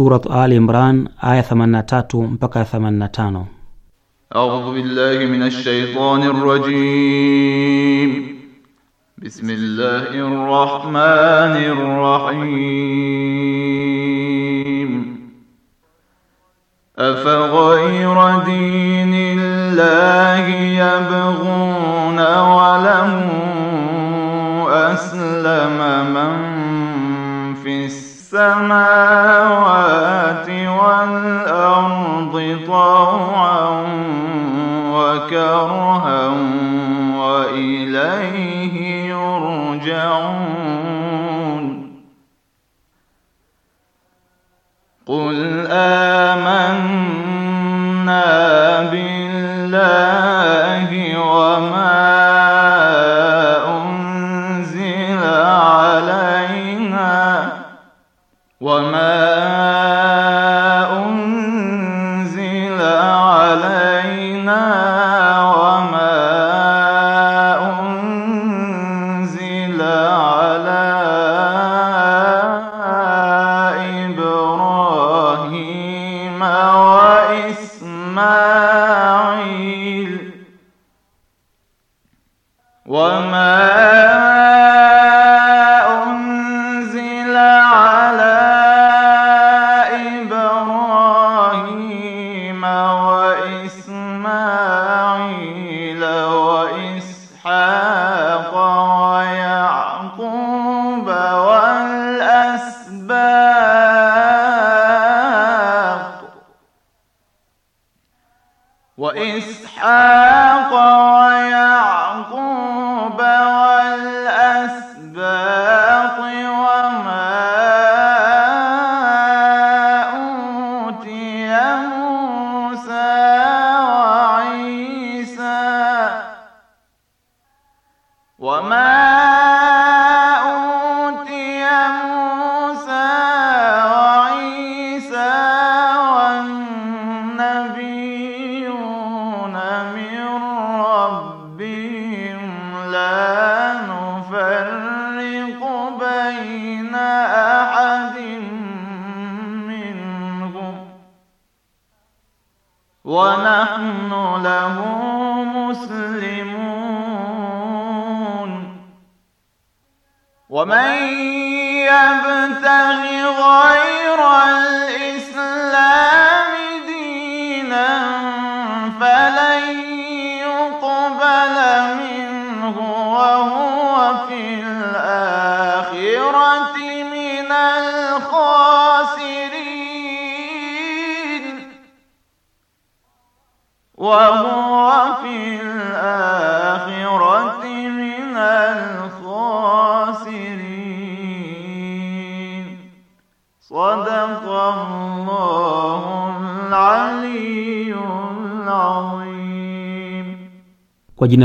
سورة آل Imran آية 83 بقى 85. أعوذ بالله من الشيطان الرجيم بسم الله الرحمن الرحيم أفغير دين الله يبغون وله أسلم من في السماء السماوات والأرض طوعا وكرها وإليه يرجعون قل آمنا بالله وما وإسحاق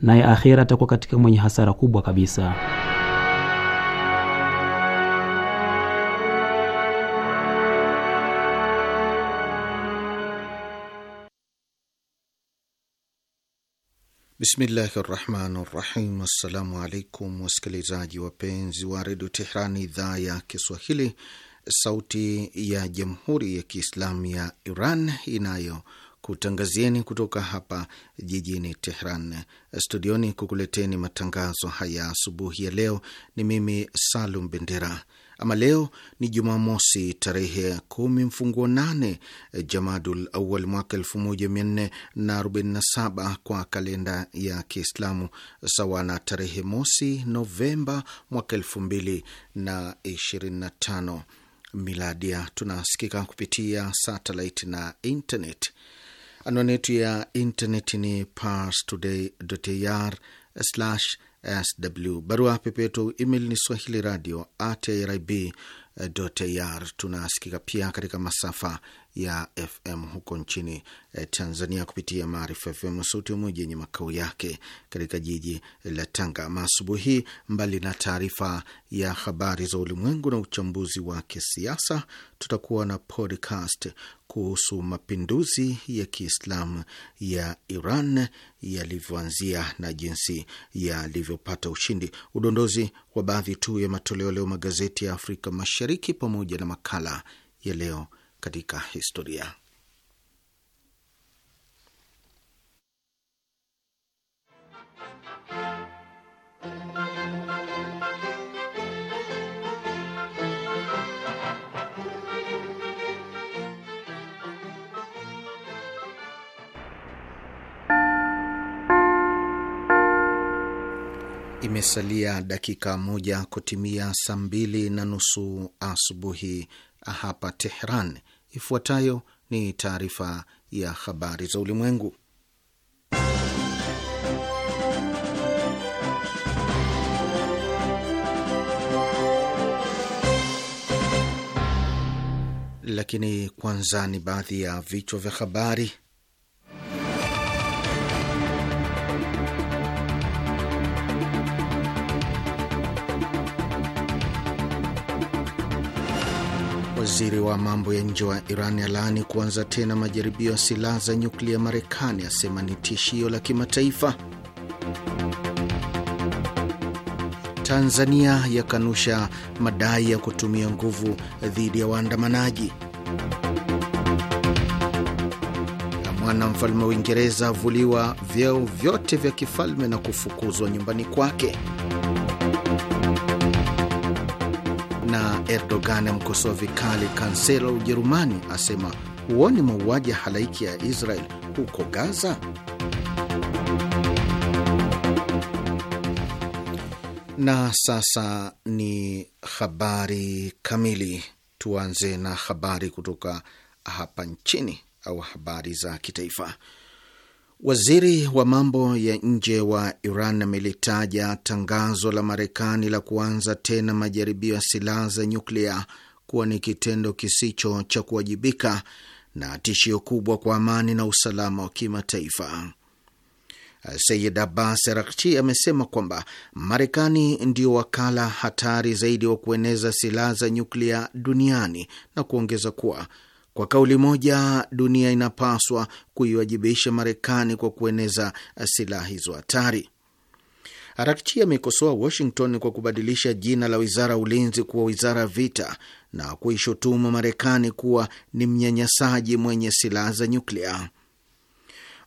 naye akhira atakuwa katika mwenye hasara kubwa kabisa. Bismillahi rahmani rahim. Assalamu alaikum wasikilizaji wapenzi wa redio Tehran, idhaa ya Kiswahili, sauti ya jamhuri ya Kiislamu ya Iran inayo kutangazieni kutoka hapa jijini Tehran, studioni kukuleteni matangazo haya asubuhi ya leo. Ni mimi Salum Bendera. Ama leo ni Jumamosi tarehe kumi mfunguo nane eh, Jamadul Awal mwaka elfu moja mia nne na arobaini na saba kwa kalenda ya Kiislamu, sawa na tarehe mosi Novemba mwaka elfu mbili na ishirini na tano miladia. Tunasikika kupitia satelit na internet. Anwani yetu ya intaneti ni parstoday.ir/sw. Barua pepe yetu email ni swahili radio at irib Tunasikika pia katika masafa ya FM huko nchini eh, Tanzania kupitia Maarifa FM Sauti ya Umoja yenye makao yake katika jiji la Tanga. Maasubuhi hii, mbali na taarifa ya habari za ulimwengu na uchambuzi wa kisiasa, tutakuwa na podcast kuhusu mapinduzi ya Kiislamu ya Iran yalivyoanzia na jinsi yalivyopata ushindi, udondozi wa baadhi tu ya matoleo leo magazeti ya Afrika Mashariki Mashariki pamoja na makala ya leo katika historia. Imesalia dakika moja kutimia saa mbili na nusu asubuhi hapa Tehran. Ifuatayo ni taarifa ya habari za ulimwengu, lakini kwanza ni baadhi ya vichwa vya habari. Waziri wa mambo ya nje wa Iran alaani kuanza tena majaribio ya silaha za nyuklia Marekani, asema ni tishio la kimataifa. Tanzania yakanusha madai ya kutumia nguvu dhidi ya waandamanaji. Mwana mfalme wa Uingereza avuliwa vyeo vyote vya kifalme na kufukuzwa nyumbani kwake. Erdogan amkosoa vikali kansela Ujerumani, asema huoni mauaji ya halaiki ya Israel huko Gaza. Na sasa ni habari kamili. Tuanze na habari kutoka hapa nchini au habari za kitaifa. Waziri wa mambo ya nje wa Iran amelitaja tangazo la Marekani la kuanza tena majaribio ya silaha za nyuklia kuwa ni kitendo kisicho cha kuwajibika na tishio kubwa kwa amani na usalama wa kimataifa. Sayid Abbas Araghchi amesema kwamba Marekani ndio wakala hatari zaidi wa kueneza silaha za nyuklia duniani na kuongeza kuwa kwa kauli moja, dunia inapaswa kuiwajibisha Marekani kwa kueneza silaha hizo hatari. Arakchi ameikosoa Washington kwa kubadilisha jina la wizara ya ulinzi kuwa wizara ya vita na kuishutumu Marekani kuwa ni mnyanyasaji mwenye silaha za nyuklia.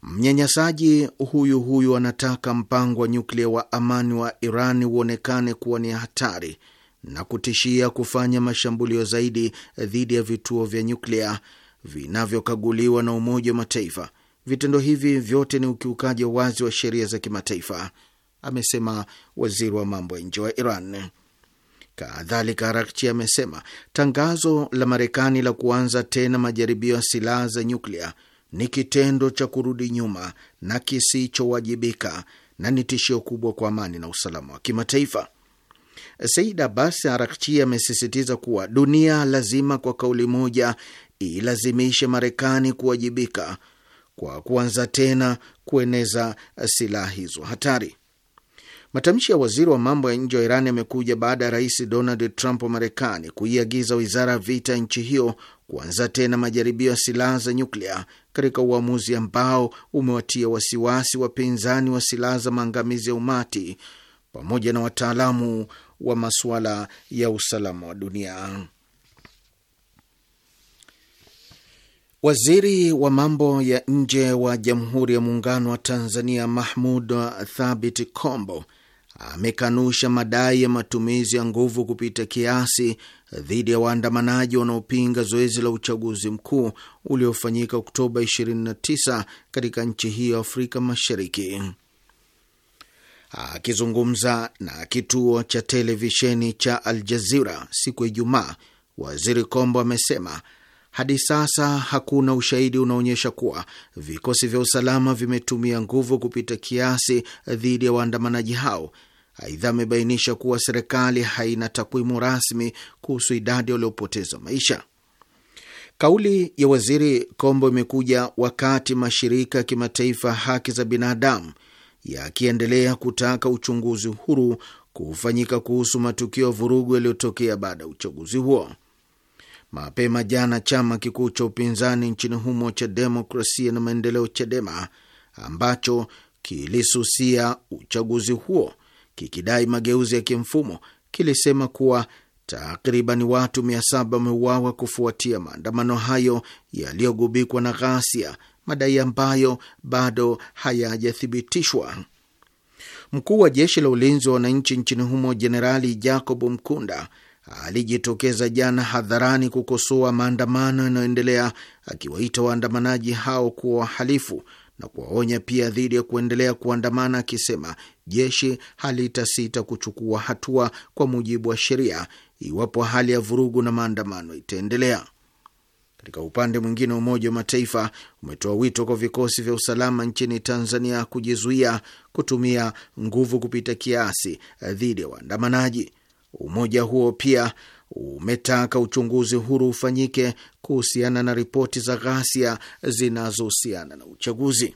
Mnyanyasaji huyu huyu anataka mpango wa nyuklia wa amani wa Iran uonekane kuwa ni hatari na kutishia kufanya mashambulio zaidi dhidi ya vituo vya nyuklia vinavyokaguliwa na Umoja wa Mataifa. Vitendo hivi vyote ni ukiukaji wa wazi wa sheria za kimataifa, amesema waziri wa mambo ya nje wa Iran. Kadhalika, Rakchi amesema tangazo la Marekani la kuanza tena majaribio ya silaha za nyuklia ni kitendo cha kurudi nyuma na kisichowajibika na ni tishio kubwa kwa amani na usalama wa kimataifa. Said Abbas Arakchi amesisitiza kuwa dunia lazima kwa kauli moja ilazimishe Marekani kuwajibika kwa kuanza tena kueneza silaha hizo hatari. Matamshi ya waziri wa mambo ya nje wa Iran yamekuja baada ya rais Donald Trump wa Marekani kuiagiza wizara ya vita ya nchi hiyo kuanza tena majaribio ya silaha za nyuklia katika uamuzi ambao umewatia wasiwasi wapinzani wa silaha za maangamizi ya umati pamoja na wataalamu wa masuala ya usalama wa dunia. Waziri wa mambo ya nje wa Jamhuri ya Muungano wa Tanzania Mahmud Thabit Kombo amekanusha madai ya matumizi ya nguvu kupita kiasi dhidi ya waandamanaji wanaopinga zoezi la uchaguzi mkuu uliofanyika Oktoba 29 katika nchi hiyo Afrika Mashariki. Akizungumza na kituo cha televisheni cha Al Jazira siku ya Ijumaa, waziri Kombo amesema hadi sasa hakuna ushahidi unaonyesha kuwa vikosi vya usalama vimetumia nguvu kupita kiasi dhidi ya waandamanaji hao. Aidha, amebainisha kuwa serikali haina takwimu rasmi kuhusu idadi waliopoteza maisha. Kauli ya waziri Kombo imekuja wakati mashirika ya kimataifa haki za binadamu yakiendelea kutaka uchunguzi huru kufanyika kuhusu matukio ya vurugu yaliyotokea baada ya uchaguzi huo. Mapema jana chama kikuu cha upinzani nchini humo cha Demokrasia na Maendeleo, CHADEMA, ambacho kilisusia uchaguzi huo kikidai mageuzi ya kimfumo, kilisema kuwa takriban watu 7 wameuawa kufuatia maandamano hayo yaliyogubikwa na ghasia madai ambayo bado hayajathibitishwa. Mkuu wa jeshi la ulinzi wa wananchi nchini humo Jenerali Jacob Mkunda alijitokeza jana hadharani kukosoa maandamano yanayoendelea, akiwaita waandamanaji hao kuwa wahalifu na kuwaonya pia dhidi ya kuendelea kuandamana, akisema jeshi halitasita kuchukua hatua kwa mujibu wa sheria iwapo hali ya vurugu na maandamano itaendelea. Katika upande mwingine, Umoja wa Mataifa umetoa wito kwa vikosi vya usalama nchini Tanzania kujizuia kutumia nguvu kupita kiasi dhidi ya waandamanaji. Umoja huo pia umetaka uchunguzi huru ufanyike kuhusiana na ripoti za ghasia zinazohusiana na uchaguzi.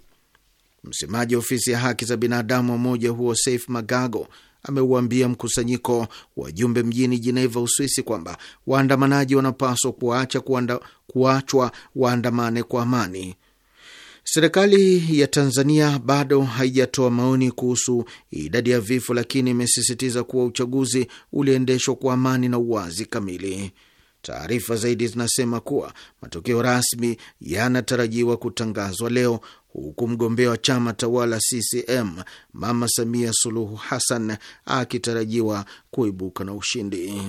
Msemaji wa ofisi ya haki za binadamu wa umoja huo Saif Magago ameuambia mkusanyiko wa jumbe mjini Jeneva, Uswisi, kwamba waandamanaji wanapaswa kuacha kuachwa waandamane kwa amani. Serikali ya Tanzania bado haijatoa maoni kuhusu idadi ya vifo, lakini imesisitiza kuwa uchaguzi uliendeshwa kwa amani na uwazi kamili. Taarifa zaidi zinasema kuwa matokeo rasmi yanatarajiwa kutangazwa leo, huku mgombea wa chama tawala CCM Mama Samia Suluhu Hassan akitarajiwa kuibuka na ushindi.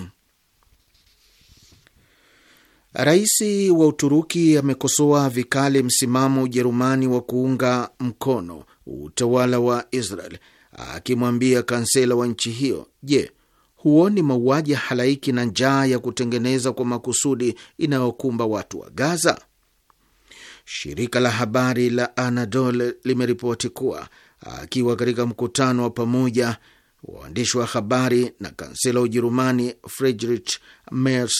Rais wa Uturuki amekosoa vikali msimamo Ujerumani wa kuunga mkono utawala wa Israel, akimwambia kansela wa nchi hiyo, je, huoni mauaji halaiki na njaa ya kutengeneza kwa makusudi inayokumba watu wa Gaza? Shirika la habari la Anadol limeripoti kuwa akiwa katika mkutano wa pamoja waandishi wa habari na kansela wa Ujerumani Friedrich Merz,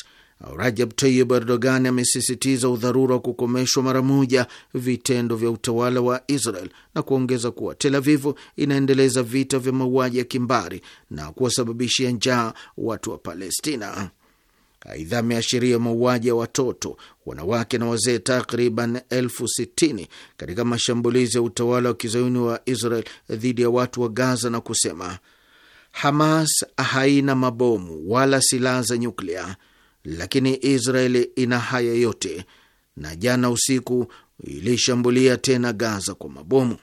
Rajab tayib Erdogan amesisitiza udharura wa kukomeshwa mara moja vitendo vya utawala wa Israel na kuongeza kuwa Tel Avivu inaendeleza vita vya mauaji ya kimbari na kuwasababishia njaa watu wa Palestina. Aidha, ameashiria mauaji ya watoto, wanawake na wazee takriban elfu sitini katika mashambulizi ya utawala wa kizayuni wa Israel dhidi ya watu wa Gaza na kusema Hamas haina mabomu wala silaha za nyuklia, lakini Israeli ina haya yote, na jana usiku ilishambulia tena Gaza kwa mabomu.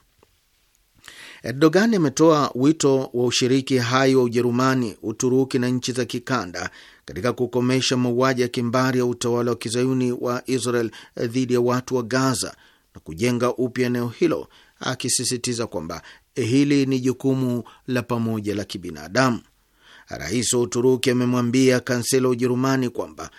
Erdogan ametoa wito wa ushiriki hai wa Ujerumani, Uturuki na nchi za kikanda katika kukomesha mauaji ya kimbari ya utawala wa kizayuni wa Israel dhidi ya watu wa Gaza na kujenga upya eneo hilo, akisisitiza kwamba hili ni jukumu la pamoja la kibinadamu. Rais wa Uturuki amemwambia kansela wa Ujerumani kwamba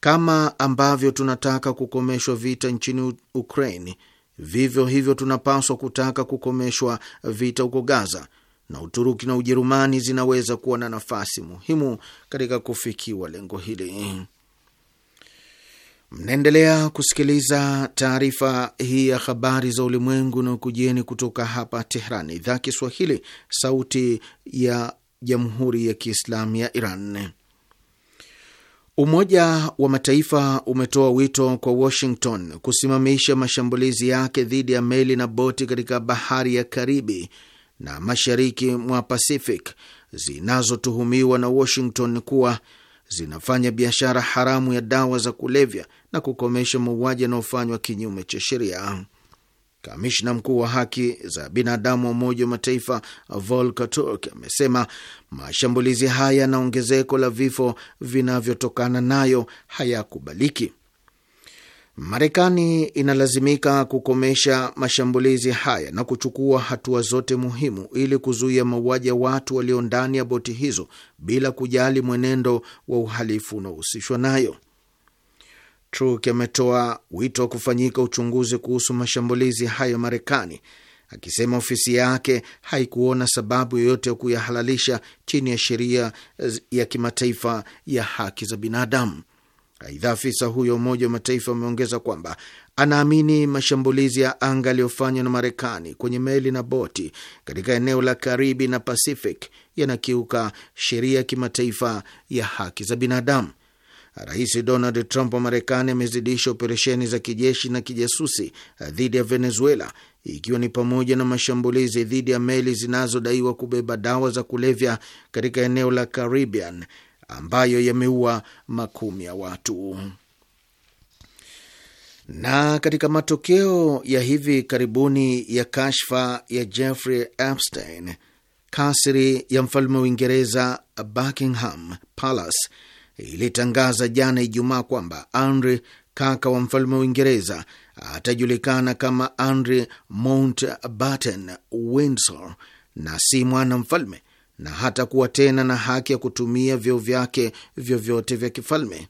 kama ambavyo tunataka kukomeshwa vita nchini Ukraine, vivyo hivyo tunapaswa kutaka kukomeshwa vita huko Gaza na Uturuki na Ujerumani zinaweza kuwa na nafasi muhimu katika kufikiwa lengo hili. Mnaendelea kusikiliza taarifa hii ya habari za ulimwengu na ukujieni kutoka hapa Tehran, idhaa Kiswahili, sauti ya jamhuri ya kiislamu ya Iran. Umoja wa Mataifa umetoa wito kwa Washington kusimamisha mashambulizi yake dhidi ya meli na boti katika bahari ya Karibi na mashariki mwa Pacific zinazotuhumiwa na Washington kuwa zinafanya biashara haramu ya dawa za kulevya na kukomesha mauaji yanayofanywa kinyume cha sheria. Kamishna mkuu wa haki za binadamu wa Umoja wa Mataifa Volker Turk amesema mashambulizi haya na ongezeko la vifo vinavyotokana nayo hayakubaliki. Marekani inalazimika kukomesha mashambulizi haya na kuchukua hatua zote muhimu ili kuzuia mauaji ya watu walio ndani ya boti hizo bila kujali mwenendo wa uhalifu unaohusishwa nayo. Truk ametoa wito wa kufanyika uchunguzi kuhusu mashambulizi hayo Marekani, akisema ofisi yake haikuona sababu yoyote ya kuyahalalisha chini ya sheria ya kimataifa ya haki za binadamu. Aidha, afisa huyo Umoja wa Mataifa ameongeza kwamba anaamini mashambulizi ya anga yaliyofanywa na Marekani kwenye meli na boti katika eneo la Karibi na Pacific yanakiuka sheria ya kimataifa ya haki za binadamu. Rais Donald Trump wa Marekani amezidisha operesheni za kijeshi na kijasusi dhidi ya Venezuela, ikiwa ni pamoja na mashambulizi dhidi ya meli zinazodaiwa kubeba dawa za kulevya katika eneo la Caribbean ambayo yameua makumi ya watu. Na katika matokeo ya hivi karibuni ya kashfa ya Jeffrey Epstein, kasri ya mfalme wa Uingereza Buckingham Palace ilitangaza jana Ijumaa kwamba Andre, kaka wa mfalme wa Uingereza atajulikana kama Andrew Mountbatten Windsor na si mwana mfalme na hata kuwa tena na haki ya kutumia vyeo vyake vyovyote vya kifalme.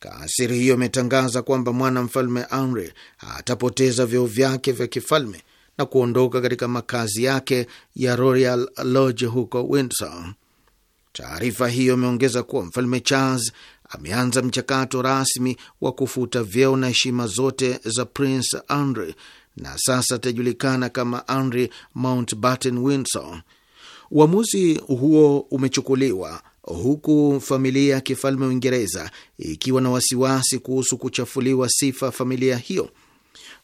Kaasiri hiyo imetangaza kwamba mwana mfalme Amri atapoteza vyeo vyake vya kifalme na kuondoka katika makazi yake ya Royal Lodge huko Windsor. Taarifa hiyo imeongeza kuwa mfalme Charles ameanza mchakato rasmi wa kufuta vyeo na heshima zote za Prince Andrew na sasa atajulikana kama mount Mountbatten Windsor. Uamuzi huo umechukuliwa huku familia ya kifalme Uingereza ikiwa na wasiwasi kuhusu kuchafuliwa sifa familia hiyo,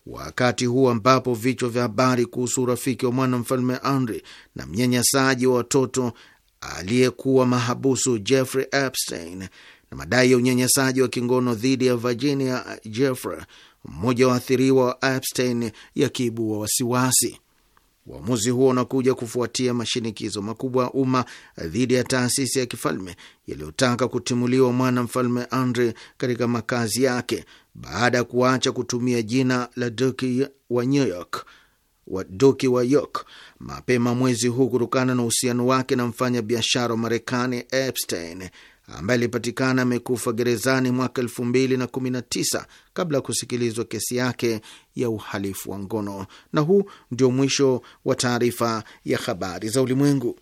wakati huu ambapo vichwa vya habari kuhusu urafiki wa mwana mfalme Andrew na mnyanyasaji wa watoto aliyekuwa mahabusu Jeffrey Epstein na madai ya unyanyasaji wa kingono dhidi ya Virginia Jeffrey, mmoja wa athiriwa wa Epstein, yakiibua wa wasiwasi. Uamuzi huo unakuja kufuatia mashinikizo makubwa ya umma dhidi ya taasisi ya kifalme yaliyotaka kutimuliwa mwana mfalme Andre katika makazi yake baada ya kuacha kutumia jina la duki wa New York wa duki wa York mapema mwezi huu kutokana na uhusiano wake na mfanya biashara wa Marekani Epstein ambaye alipatikana amekufa gerezani mwaka tisa kabla ya kusikilizwa kesi yake ya uhalifu wa ngono. Na huu ndio mwisho wa taarifa ya habari za ulimwengu.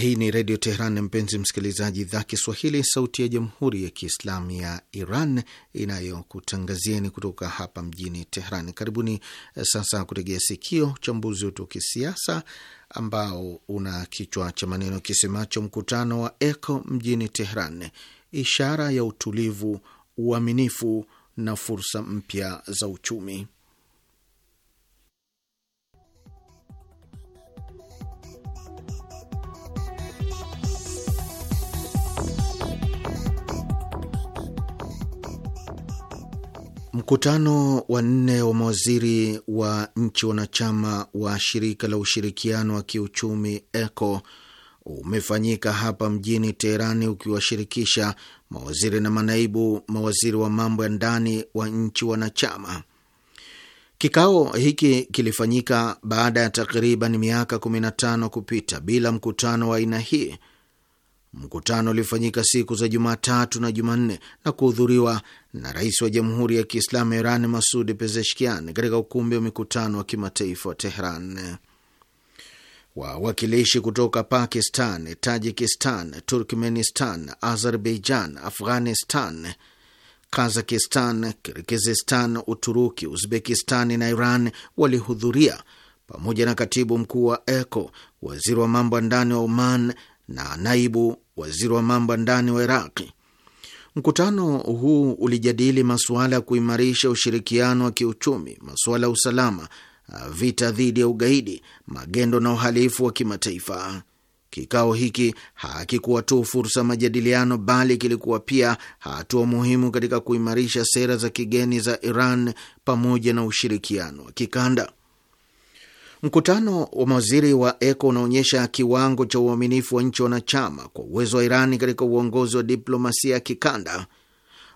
Hii ni Redio Teheran, mpenzi msikilizaji, idhaa Kiswahili, sauti ya Jamhuri ya Kiislamu ya Iran inayokutangazieni kutoka hapa mjini Teheran. Karibuni eh, sasa kutegea sikio uchambuzi wetu wa kisiasa ambao una kichwa cha maneno kisemacho mkutano wa ECO mjini Teheran, ishara ya utulivu, uaminifu na fursa mpya za uchumi. Mkutano wa nne wa mawaziri wa nchi wanachama wa shirika la ushirikiano wa kiuchumi ECO umefanyika hapa mjini Teherani ukiwashirikisha mawaziri na manaibu mawaziri wa mambo ya ndani wa nchi wanachama. Kikao hiki kilifanyika baada ya takriban miaka 15 kupita bila mkutano wa aina hii Mkutano uliofanyika siku za Jumatatu na Jumanne na kuhudhuriwa na rais wa Jamhuri ya Kiislamu Iran Masud Pezeshkian katika ukumbi wa mikutano wa kimataifa wa Tehran. Wawakilishi kutoka Pakistan, Tajikistan, Turkmenistan, Azerbaijan, Afghanistan, Kazakistan, Kirgizistan, Uturuki, Uzbekistani na Iran walihudhuria pamoja na katibu mkuu wa ECO, waziri wa mambo ya ndani wa Oman na naibu waziri wa mambo ya ndani wa Iraqi. Mkutano huu ulijadili masuala ya kuimarisha ushirikiano wa kiuchumi, masuala ya usalama, vita dhidi ya ugaidi, magendo na uhalifu wa kimataifa. Kikao hiki hakikuwa tu fursa majadiliano, bali kilikuwa pia hatua muhimu katika kuimarisha sera za kigeni za Iran pamoja na ushirikiano wa kikanda. Mkutano wa mawaziri wa ECO unaonyesha kiwango cha uaminifu wa nchi wanachama kwa uwezo wa Irani katika uongozi wa diplomasia ya kikanda.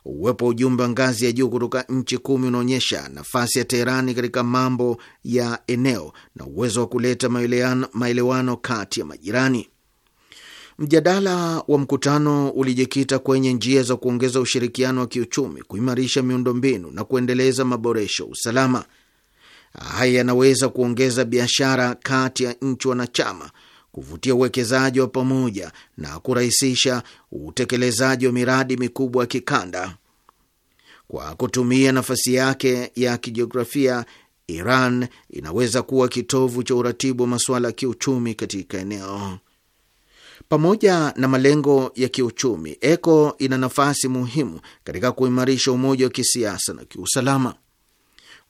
Uwepo wa ujumbe wa ngazi ya juu kutoka nchi kumi unaonyesha nafasi ya Teherani katika mambo ya eneo na uwezo wa kuleta maelewano kati ya majirani. Mjadala wa mkutano ulijikita kwenye njia za kuongeza ushirikiano wa kiuchumi, kuimarisha miundombinu na kuendeleza maboresho usalama. Haya yanaweza kuongeza biashara kati ya nchi wanachama, kuvutia uwekezaji wa pamoja na kurahisisha utekelezaji wa miradi mikubwa ya kikanda. Kwa kutumia nafasi yake ya kijiografia, Iran inaweza kuwa kitovu cha uratibu wa masuala ya kiuchumi katika eneo. Pamoja na malengo ya kiuchumi, ECO ina nafasi muhimu katika kuimarisha umoja wa kisiasa na kiusalama.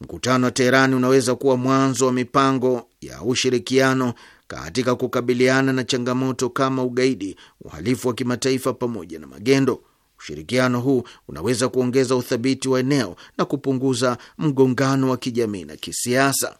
Mkutano wa Teherani unaweza kuwa mwanzo wa mipango ya ushirikiano katika kukabiliana na changamoto kama ugaidi, uhalifu wa kimataifa pamoja na magendo. Ushirikiano huu unaweza kuongeza uthabiti wa eneo na kupunguza mgongano wa kijamii na kisiasa.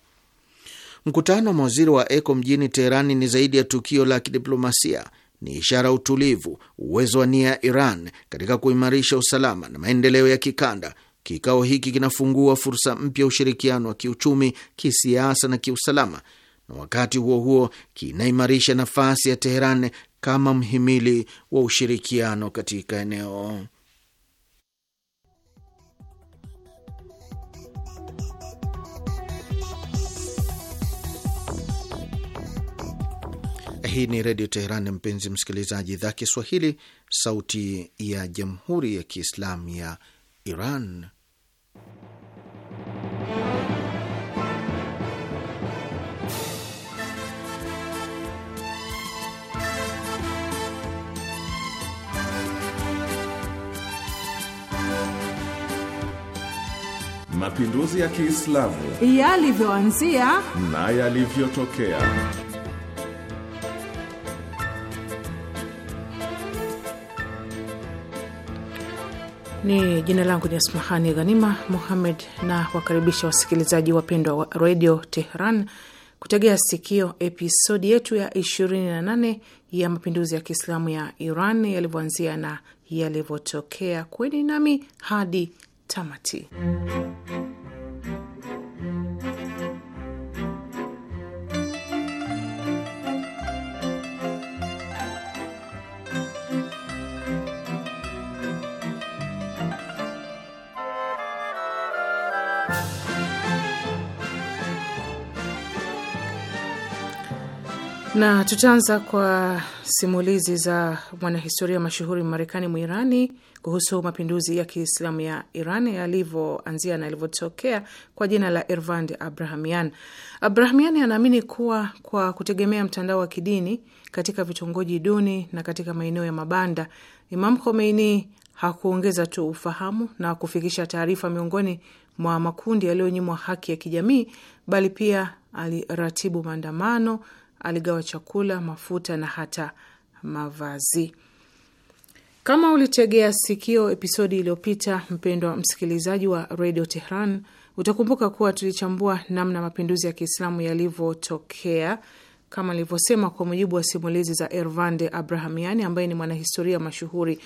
Mkutano wa mawaziri wa ECO mjini Teherani ni zaidi ya tukio la kidiplomasia, ni ishara ya utulivu, uwezo wa nia ya Iran katika kuimarisha usalama na maendeleo ya kikanda Kikao hiki kinafungua fursa mpya ushirikiano wa kiuchumi, kisiasa na kiusalama, na wakati huo huo kinaimarisha nafasi ya Teheran kama mhimili wa ushirikiano katika eneo. Hii ni Redio Teheran, mpenzi msikilizaji, idhaa Kiswahili, sauti ya Jamhuri ya Kiislamu ya Iran. mapinduzi ya Kiislamu yalivyoanzia na yalivyotokea. Ni jina langu ni Asmahani Ghanima Muhammed, na wakaribisha wasikilizaji wapendwa wa redio Tehran kutegea sikio episodi yetu ya 28 ya mapinduzi ya Kiislamu ya Iran yalivyoanzia na yalivyotokea. Kweni nami hadi tamati. na tutaanza kwa simulizi za mwanahistoria mashuhuri Marekani Mwirani kuhusu mapinduzi ya Kiislamu ya Iran yalivyoanzia na yalivyotokea kwa jina la Ervand Abrahamian. Abrahamian anaamini kuwa kwa kutegemea mtandao wa kidini katika vitongoji duni na katika maeneo ya mabanda, Imam Khomeini hakuongeza tu ufahamu na kufikisha taarifa miongoni mwa makundi yaliyonyimwa haki ya kijamii, bali pia aliratibu maandamano aligawa chakula, mafuta na hata mavazi. Kama ulitegea sikio episodi iliyopita, mpendwa msikilizaji wa Radio Tehran, utakumbuka kuwa tulichambua namna mapinduzi ya Kiislamu yalivyotokea kama alivyosema, kwa mujibu wa simulizi za Ervande Abrahamiani ambaye ni mwanahistoria mashuhuri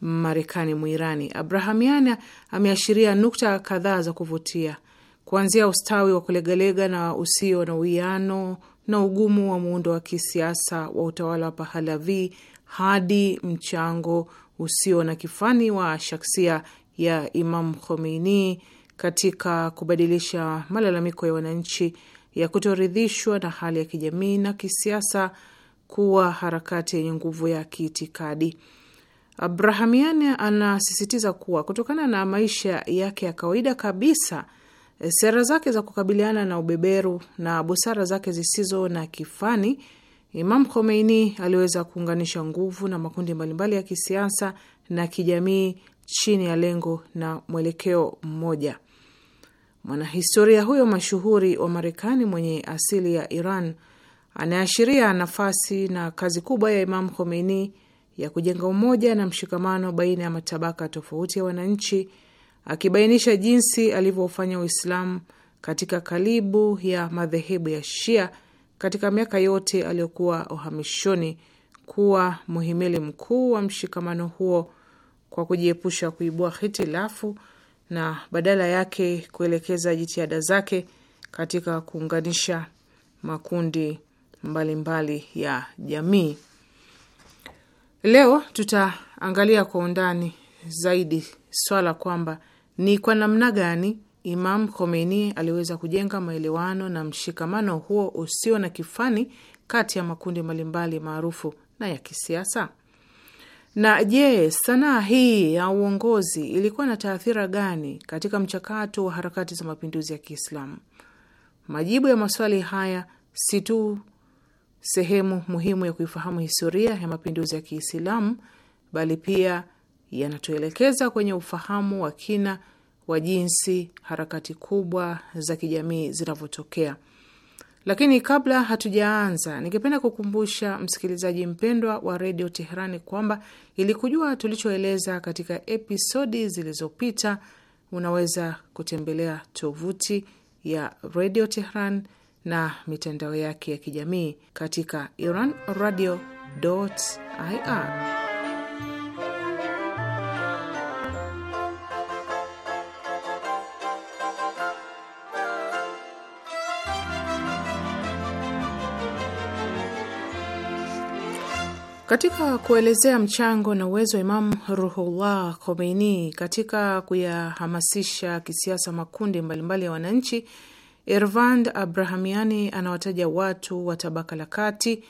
Marekani Mwirani. Abrahamiani ameashiria nukta kadhaa za kuvutia kuanzia ustawi wa kulegalega na usio na uwiano na ugumu wa muundo wa kisiasa wa utawala wa Pahalavi hadi mchango usio na kifani wa shaksia ya Imam Khomeini katika kubadilisha malalamiko ya wananchi ya kutoridhishwa na hali ya kijamii na kisiasa kuwa harakati yenye nguvu ya kiitikadi. Abrahamian anasisitiza kuwa kutokana na maisha yake ya kawaida kabisa Eh, sera zake za kukabiliana na ubeberu na busara zake zisizo na kifani, Imam Khomeini aliweza kuunganisha nguvu na makundi mbalimbali ya kisiasa na kijamii chini ya lengo na mwelekeo mmoja. Mwanahistoria huyo mashuhuri wa Marekani mwenye asili ya Iran anaashiria nafasi na kazi kubwa ya Imam Khomeini ya kujenga umoja na mshikamano baina ya matabaka tofauti ya wananchi akibainisha jinsi alivyofanya Uislamu katika kalibu ya madhehebu ya Shia katika miaka yote aliyokuwa uhamishoni kuwa muhimili mkuu wa mshikamano huo kwa kujiepusha kuibua hitilafu na badala yake kuelekeza jitihada zake katika kuunganisha makundi mbalimbali mbali ya jamii. Leo tutaangalia kwa undani zaidi swala kwamba ni kwa namna gani Imam Khomeini aliweza kujenga maelewano na mshikamano huo usio na kifani kati ya makundi mbalimbali maarufu na ya kisiasa? Na je, sanaa hii ya uongozi ilikuwa na taathira gani katika mchakato wa harakati za mapinduzi ya Kiislamu? Majibu ya maswali haya si tu sehemu muhimu ya kuifahamu historia ya mapinduzi ya Kiislamu bali pia yanatuelekeza kwenye ufahamu wa kina wa jinsi harakati kubwa za kijamii zinavyotokea. Lakini kabla hatujaanza, ningependa kukumbusha msikilizaji mpendwa wa redio Teherani kwamba ili kujua tulichoeleza katika episodi zilizopita, unaweza kutembelea tovuti ya redio Teheran na mitandao yake ya kijamii katika Iran radio ir Katika kuelezea mchango na uwezo wa Imamu Ruhullah Khomeini katika kuyahamasisha kisiasa makundi mbalimbali mbali ya wananchi, Ervand Abrahamiani anawataja watu wa tabaka la kati,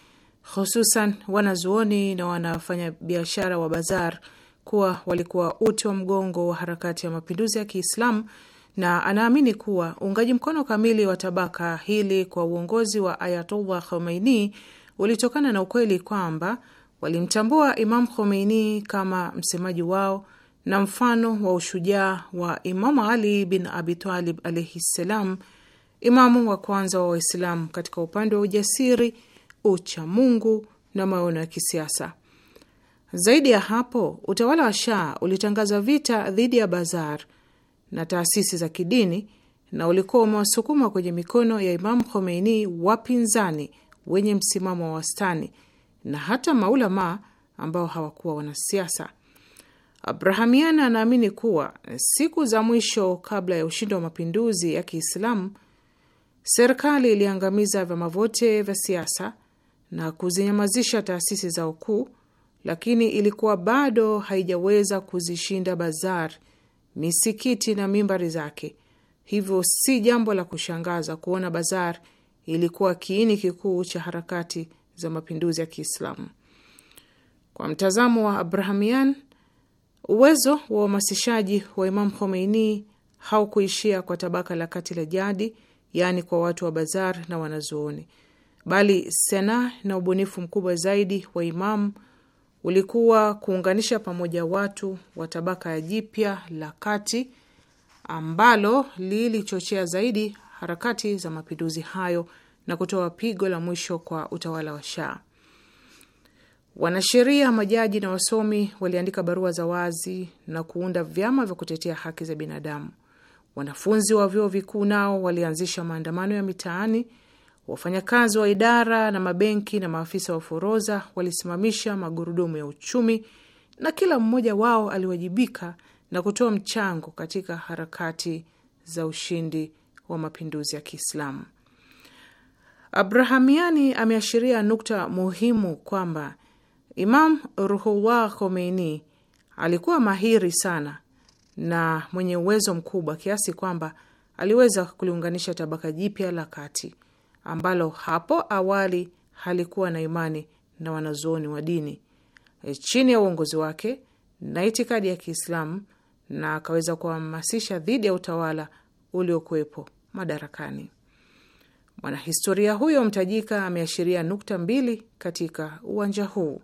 hususan wanazuoni na wanafanyabiashara wa bazar kuwa walikuwa uti wa mgongo wa harakati ya mapinduzi ya Kiislamu, na anaamini kuwa uungaji mkono kamili wa tabaka hili kwa uongozi wa Ayatollah Khomeini ulitokana na ukweli kwamba walimtambua Imam Khomeini kama msemaji wao na mfano wa ushujaa wa Imamu Ali bin Abitalib alaihi ssalam, imamu wa kwanza wa Waislamu katika upande wa ujasiri, uchamungu na maono ya kisiasa. Zaidi ya hapo, utawala wa Shah ulitangaza vita dhidi ya bazar na taasisi za kidini na ulikuwa umewasukuma kwenye mikono ya Imamu Khomeini wapinzani wenye msimamo wa wastani na hata maulama ambao hawakuwa wanasiasa. Abrahamiana anaamini kuwa siku za mwisho kabla ya ushindi wa mapinduzi ya Kiislamu, serikali iliangamiza vyama vyote vya siasa na kuzinyamazisha taasisi za ukuu lakini ilikuwa bado haijaweza kuzishinda bazar, misikiti na mimbari zake. Hivyo si jambo la kushangaza kuona bazar ilikuwa kiini kikuu cha harakati za mapinduzi ya Kiislamu. Kwa mtazamo wa Abrahamian, uwezo wa uhamasishaji wa Imam Khomeini haukuishia kwa tabaka la kati la jadi, yaani kwa watu wa bazar na wanazuoni, bali sena na ubunifu mkubwa zaidi wa Imamu ulikuwa kuunganisha pamoja watu wa tabaka ya jipya la kati ambalo lilichochea zaidi harakati za mapinduzi hayo na kutoa pigo la mwisho kwa utawala wa Shah. Wanasheria, majaji na wasomi waliandika barua za wazi na kuunda vyama vya kutetea haki za binadamu. Wanafunzi wa vyuo vikuu nao walianzisha maandamano ya mitaani. Wafanyakazi wa idara na mabenki na maafisa wa forodha walisimamisha magurudumu ya uchumi, na kila mmoja wao aliwajibika na kutoa mchango katika harakati za ushindi wa mapinduzi ya Kiislamu. Abrahamiani ameashiria nukta muhimu kwamba Imam Ruhullah Khomeini alikuwa mahiri sana na mwenye uwezo mkubwa kiasi kwamba aliweza kuliunganisha tabaka jipya la kati ambalo hapo awali halikuwa na imani na wanazuoni wa dini e, chini ya uongozi wake na itikadi ya Kiislamu, na akaweza kuhamasisha dhidi ya utawala uliokuwepo madarakani. Mwanahistoria huyo mtajika ameashiria nukta mbili katika uwanja huu.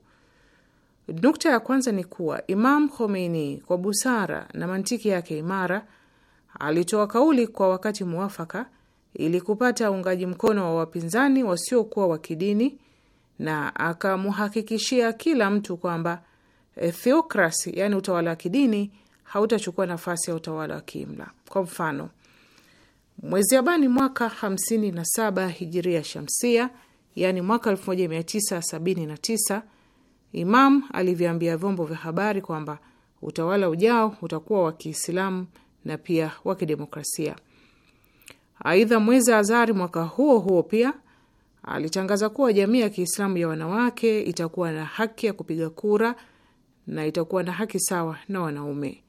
Nukta ya kwanza ni kuwa Imam Khomeini kwa busara na mantiki yake imara alitoa kauli kwa wakati mwafaka ili kupata uungaji mkono wa wapinzani wasiokuwa wa kidini, na akamuhakikishia kila mtu kwamba theokrasi, yani utawala wa kidini, hautachukua nafasi ya utawala wa kiimla. Kwa mfano Mwezi Abani mwaka 57 hijiria shamsia, yani mwaka 1979, Imam aliviambia vyombo vya habari kwamba utawala ujao utakuwa wa Kiislamu na pia wa kidemokrasia. Aidha, mwezi Azari mwaka huo huo pia alitangaza kuwa jamii ya Kiislamu ya wanawake itakuwa na haki ya kupiga kura na itakuwa na haki sawa na wanaume.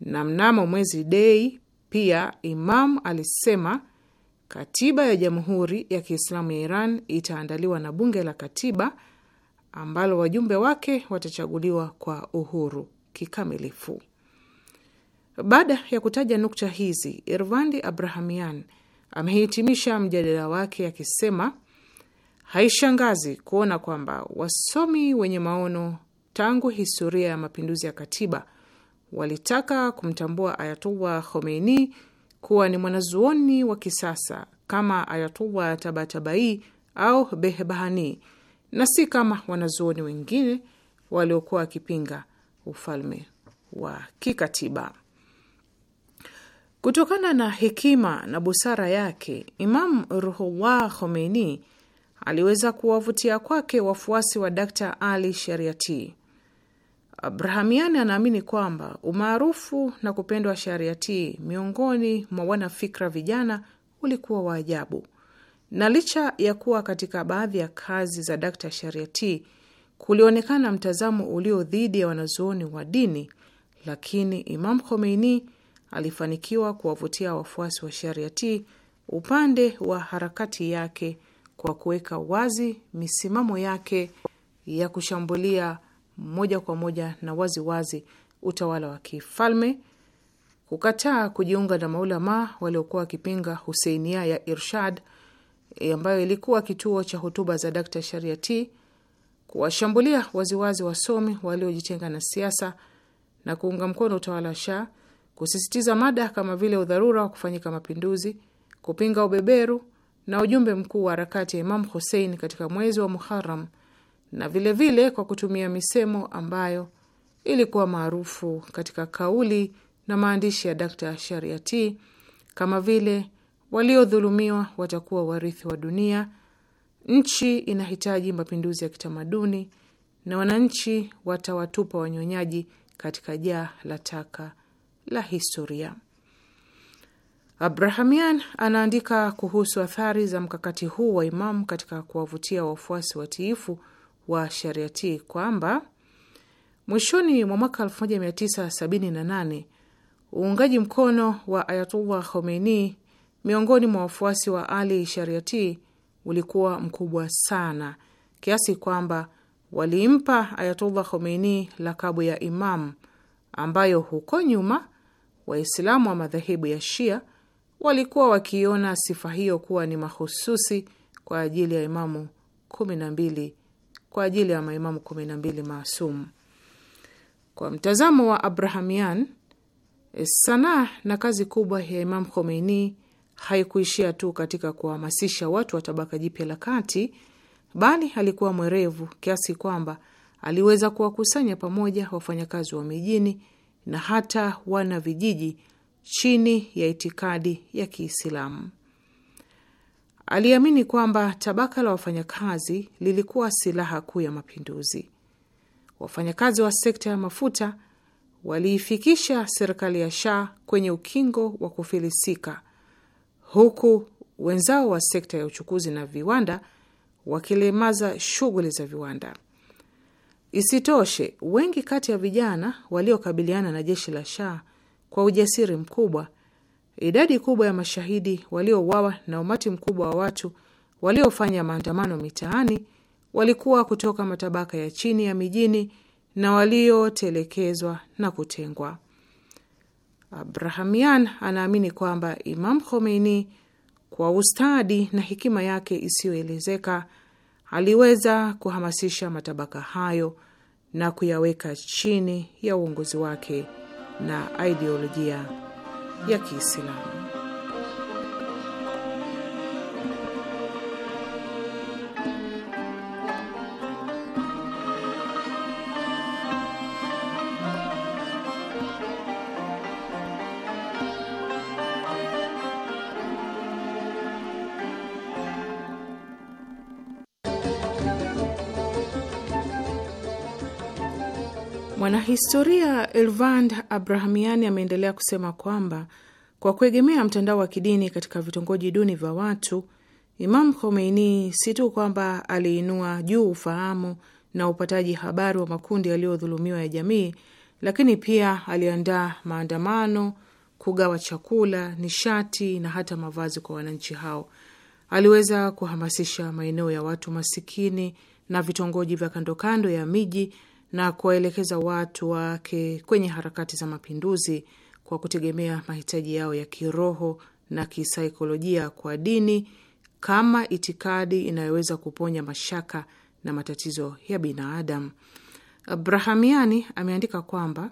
Na mnamo mwezi Dei pia Imam alisema katiba ya Jamhuri ya Kiislamu ya Iran itaandaliwa na bunge la katiba ambalo wajumbe wake watachaguliwa kwa uhuru kikamilifu. Baada ya kutaja nukta hizi, Irvandi Abrahamian amehitimisha mjadala wake akisema, haishangazi kuona kwamba wasomi wenye maono tangu historia ya mapinduzi ya katiba walitaka kumtambua Ayatullah Khomeini kuwa ni mwanazuoni wa kisasa kama Ayatullah Tabatabai au Behbahani na si kama wanazuoni wengine waliokuwa wakipinga ufalme wa kikatiba. Kutokana na hekima na busara yake, Imam Ruhullah Khomeini aliweza kuwavutia kwake wafuasi wa Dr Ali Shariati Brahamiani anaamini kwamba umaarufu na kupendwa Shariati miongoni mwa wanafikra vijana ulikuwa wa ajabu, na licha ya kuwa katika baadhi ya kazi za Dkt. Shariati kulionekana mtazamo ulio dhidi ya wanazuoni wa dini, lakini Imam Khomeini alifanikiwa kuwavutia wafuasi wa Shariati upande wa harakati yake kwa kuweka wazi misimamo yake ya kushambulia moja kwa moja na waziwazi wazi utawala wa kifalme, kukataa kujiunga na maulama waliokuwa wakipinga Huseinia ya Irshad eh, ambayo ilikuwa kituo cha hotuba za Dkt Shariati, kuwashambulia waziwazi wasomi waliojitenga na siasa na kuunga mkono utawala wa Shah, kusisitiza mada kama vile udharura wa kufanyika mapinduzi, kupinga ubeberu na ujumbe mkuu wa harakati ya Imam Hussein katika mwezi wa muharam na vilevile vile kwa kutumia misemo ambayo ilikuwa maarufu katika kauli na maandishi ya Dakta Shariati kama vile waliodhulumiwa watakuwa warithi wa dunia, nchi inahitaji mapinduzi ya kitamaduni, na wananchi watawatupa wanyonyaji katika jaa la taka la historia. Abrahamian anaandika kuhusu athari za mkakati huu wa Imamu katika kuwavutia wafuasi watiifu wa Shariati kwamba mwishoni mwa mwaka 1978 uungaji mkono wa Ayatullah Khomeini miongoni mwa wafuasi wa Ali Shariati ulikuwa mkubwa sana kiasi kwamba walimpa Ayatullah Khomeini lakabu ya Imam ambayo huko nyuma Waislamu wa madhehebu ya Shia walikuwa wakiona sifa hiyo kuwa ni mahususi kwa ajili ya imamu kumi na mbili kwa ajili ya maimamu mbili maasumu. Kwa mtazamo wa Abrahamian, eh, sanaa na kazi kubwa ya Imam Khomeini haikuishia tu katika kuwahamasisha watu wa tabaka jipya la kati, bali alikuwa mwerevu kiasi kwamba aliweza kuwakusanya pamoja wafanyakazi wa mijini na hata wana vijiji chini ya itikadi ya Kiislamu aliamini kwamba tabaka la wafanyakazi lilikuwa silaha kuu ya mapinduzi. Wafanyakazi wa sekta ya mafuta waliifikisha serikali ya Shah kwenye ukingo wa kufilisika, huku wenzao wa sekta ya uchukuzi na viwanda wakilemaza shughuli za viwanda. Isitoshe, wengi kati ya vijana waliokabiliana na jeshi la Shah kwa ujasiri mkubwa idadi kubwa ya mashahidi waliouawa na umati mkubwa wa watu waliofanya maandamano mitaani walikuwa kutoka matabaka ya chini ya mijini na waliotelekezwa na kutengwa. Abrahamian anaamini kwamba Imam Khomeini kwa ustadi na hekima yake isiyoelezeka aliweza kuhamasisha matabaka hayo na kuyaweka chini ya uongozi wake na ideolojia e aqui se lá. Mwanahistoria Elvand Abrahamiani ameendelea kusema kwamba kwa kuegemea mtandao wa kidini katika vitongoji duni vya watu, Imam Khomeini si tu kwamba aliinua juu ufahamu na upataji habari wa makundi yaliyodhulumiwa ya jamii, lakini pia aliandaa maandamano, kugawa chakula, nishati na hata mavazi kwa wananchi hao. Aliweza kuhamasisha maeneo ya watu masikini na vitongoji vya kandokando ya miji na kuwaelekeza watu wake kwenye harakati za mapinduzi kwa kutegemea mahitaji yao ya kiroho na kisaikolojia kwa dini kama itikadi inayoweza kuponya mashaka na matatizo ya binadamu. Brahamiani ameandika kwamba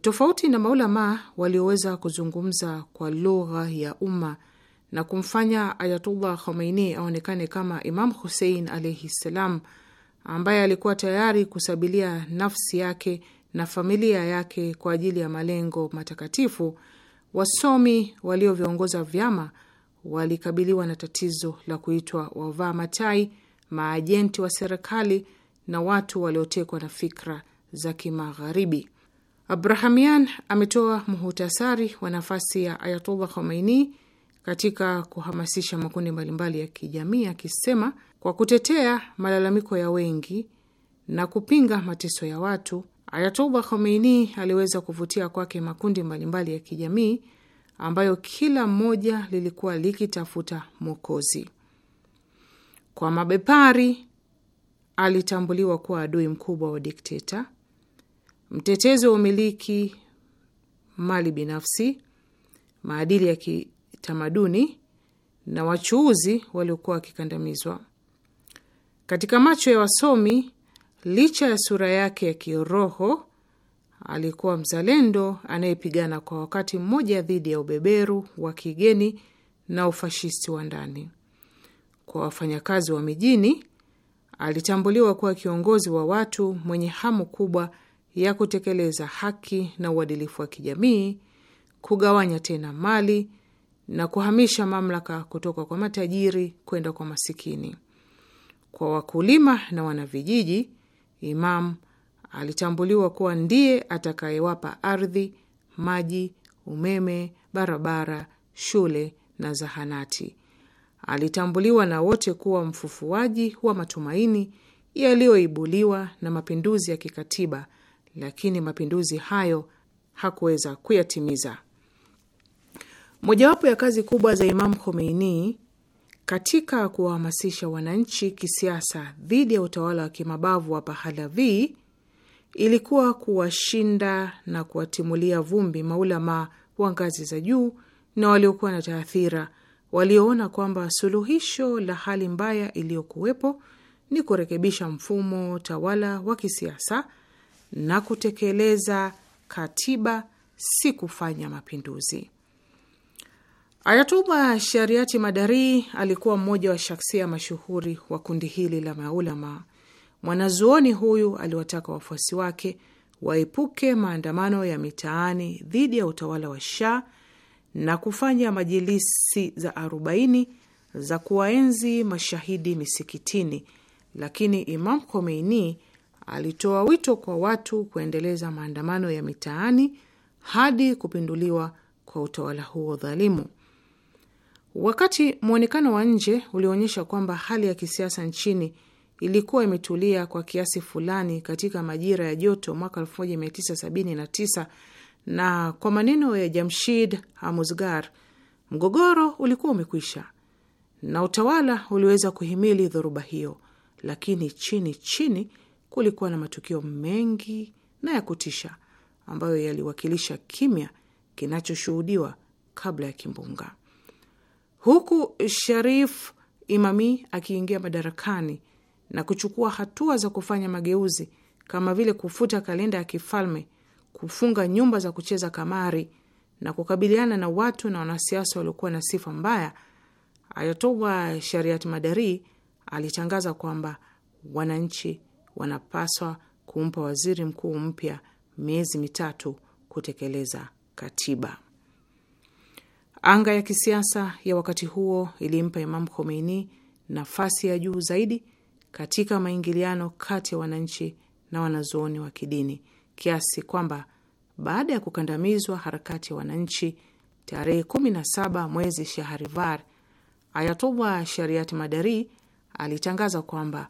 tofauti na maulamaa walioweza kuzungumza kwa lugha ya umma na kumfanya Ayatullah Khomeini aonekane kama Imam husein alaihi ssalam ambaye alikuwa tayari kusabilia nafsi yake na familia yake kwa ajili ya malengo matakatifu, wasomi walioviongoza vyama walikabiliwa na tatizo la kuitwa wavaa matai, maajenti wa serikali na watu waliotekwa na fikra za Kimagharibi. Abrahamian ametoa muhutasari wa nafasi ya Ayatullah Khomeini katika kuhamasisha makundi mbalimbali ya kijamii akisema kwa kutetea malalamiko ya wengi na kupinga mateso ya watu, Ayatollah Khomeini aliweza kuvutia kwake makundi mbalimbali ya kijamii ambayo kila mmoja lilikuwa likitafuta mwokozi. Kwa mabepari alitambuliwa kuwa adui mkubwa wa dikteta, mtetezi wa umiliki mali binafsi, maadili ya kitamaduni na wachuuzi waliokuwa wakikandamizwa. Katika macho ya wasomi, licha ya sura yake ya kiroho, alikuwa mzalendo anayepigana kwa wakati mmoja dhidi ya ubeberu wa kigeni na ufashisti wa ndani. Kwa wafanyakazi wa mijini, alitambuliwa kuwa kiongozi wa watu mwenye hamu kubwa ya kutekeleza haki na uadilifu wa kijamii, kugawanya tena mali na kuhamisha mamlaka kutoka kwa matajiri kwenda kwa masikini kwa wakulima na wanavijiji, Imam alitambuliwa kuwa ndiye atakayewapa ardhi, maji, umeme, barabara, shule na zahanati. Alitambuliwa na wote kuwa mfufuaji wa matumaini yaliyoibuliwa na mapinduzi ya kikatiba, lakini mapinduzi hayo hakuweza kuyatimiza. Mojawapo ya kazi kubwa za Imam Khomeini katika kuwahamasisha wananchi kisiasa dhidi ya utawala wa kimabavu wa Pahalavi ilikuwa kuwashinda na kuwatimulia vumbi maulama wa ngazi za juu na waliokuwa na taathira, walioona kwamba suluhisho la hali mbaya iliyokuwepo ni kurekebisha mfumo tawala wa kisiasa na kutekeleza katiba, si kufanya mapinduzi ayatuba Shariati Madari alikuwa mmoja wa shaksia mashuhuri wa kundi hili la maulama. Mwanazuoni huyu aliwataka wafuasi wake waepuke maandamano ya mitaani dhidi ya utawala wa Sha na kufanya majilisi za arobaini za kuwaenzi mashahidi misikitini, lakini Imam Khomeini alitoa wito kwa watu kuendeleza maandamano ya mitaani hadi kupinduliwa kwa utawala huo dhalimu. Wakati mwonekano wa nje ulionyesha kwamba hali ya kisiasa nchini ilikuwa imetulia kwa kiasi fulani katika majira ya joto mwaka 1979 na kwa maneno ya Jamshid Hamuzgar, mgogoro ulikuwa umekwisha na utawala uliweza kuhimili dhoruba hiyo, lakini chini chini kulikuwa na matukio mengi na ya kutisha ambayo yaliwakilisha kimya kinachoshuhudiwa kabla ya kimbunga huku Sharif Imami akiingia madarakani na kuchukua hatua za kufanya mageuzi kama vile kufuta kalenda ya kifalme, kufunga nyumba za kucheza kamari na kukabiliana na watu na wanasiasa waliokuwa na sifa mbaya, Ayatollah Shariat Madari alitangaza kwamba wananchi wanapaswa kumpa waziri mkuu mpya miezi mitatu kutekeleza katiba. Anga ya kisiasa ya wakati huo ilimpa Imam Khomeini nafasi ya juu zaidi katika maingiliano kati ya wananchi na wanazuoni wa kidini kiasi kwamba baada ya kukandamizwa harakati ya wananchi tarehe 17 mwezi shaharivar Ayatullah Shariat Madari alitangaza kwamba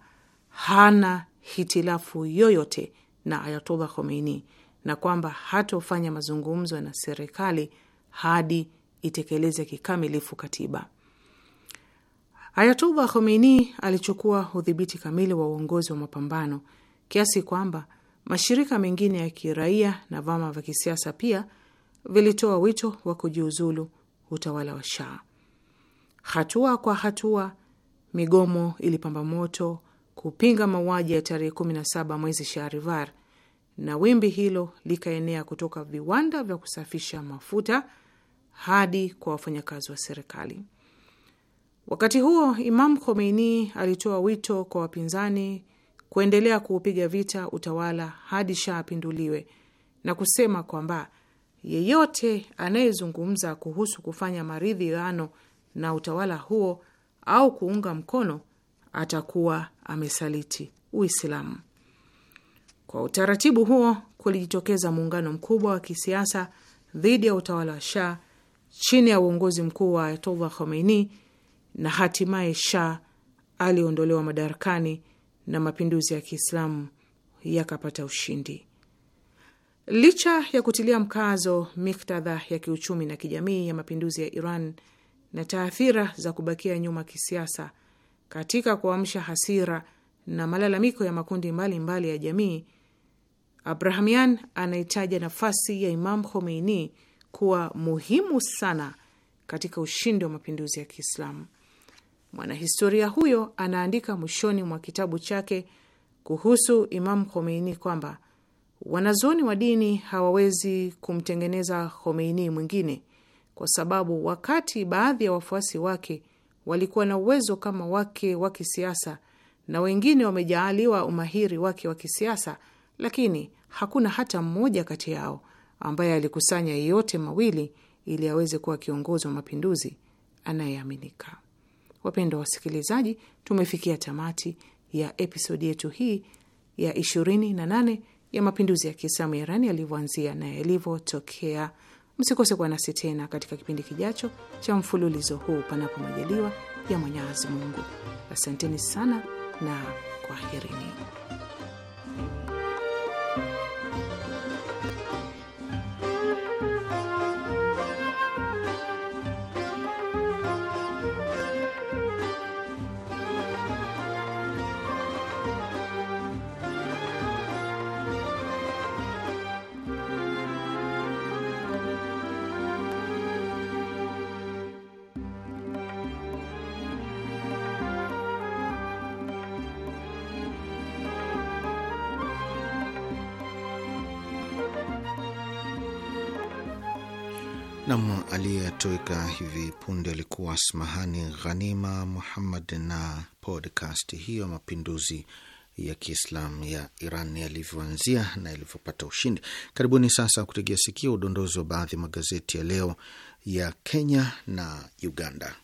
hana hitilafu yoyote na Ayatullah Khomeini na kwamba hatofanya mazungumzo na serikali hadi itekeleze kikamilifu katiba. Ayatullah Khomeini alichukua udhibiti kamili wa uongozi wa mapambano kiasi kwamba mashirika mengine ya kiraia na vyama vya kisiasa pia vilitoa wito wa kujiuzulu utawala wa Shah. Hatua kwa hatua, migomo ilipamba moto kupinga mauaji ya tarehe 17 mwezi Shahrivar, na wimbi hilo likaenea kutoka viwanda vya kusafisha mafuta hadi kwa wafanyakazi wa serikali. Wakati huo, Imam Khomeini alitoa wito kwa wapinzani kuendelea kuupiga vita utawala hadi Shah apinduliwe na kusema kwamba yeyote anayezungumza kuhusu kufanya maridhiano na utawala huo au kuunga mkono atakuwa amesaliti Uislamu. Kwa utaratibu huo, kulijitokeza muungano mkubwa wa kisiasa dhidi ya utawala wa Shah chini ya uongozi mkuu wa Ayatollah Khomeini na hatimaye Shah aliondolewa madarakani na mapinduzi ya Kiislamu yakapata ushindi. Licha ya kutilia mkazo miktadha ya kiuchumi na kijamii ya mapinduzi ya Iran na taathira za kubakia nyuma kisiasa katika kuamsha hasira na malalamiko ya makundi mbalimbali mbali ya jamii, Abrahamian anaitaja nafasi ya Imam Khomeini kuwa muhimu sana katika ushindi wa mapinduzi ya Kiislamu. Mwanahistoria huyo anaandika mwishoni mwa kitabu chake kuhusu Imamu Khomeini kwamba wanazuoni wa dini hawawezi kumtengeneza Khomeini mwingine, kwa sababu wakati baadhi ya wafuasi wake walikuwa na uwezo kama wake wa kisiasa na wengine wamejaaliwa umahiri wake wa kisiasa, lakini hakuna hata mmoja kati yao ambaye alikusanya yote mawili ili aweze kuwa kiongozi wa mapinduzi anayeaminika. Wapendwa wasikilizaji, tumefikia tamati ya episodi yetu hii ya nane ya mapinduzi ya Kiislamu ya Irani yalivyoanzia na yalivyotokea. Msikose kuwa nasi tena katika kipindi kijacho cha mfululizo huu, panapo majaliwa ya Mwenyezi Mungu. Asanteni sana na kwaherini. Nam aliyetoweka hivi punde alikuwa Asmahani Ghanima Muhammad, na podcast hiyo mapinduzi ya Kiislamu ya Iran yalivyoanzia na yalivyopata ushindi. Karibuni sasa kutegea sikio udondozi wa baadhi ya magazeti ya leo ya Kenya na Uganda.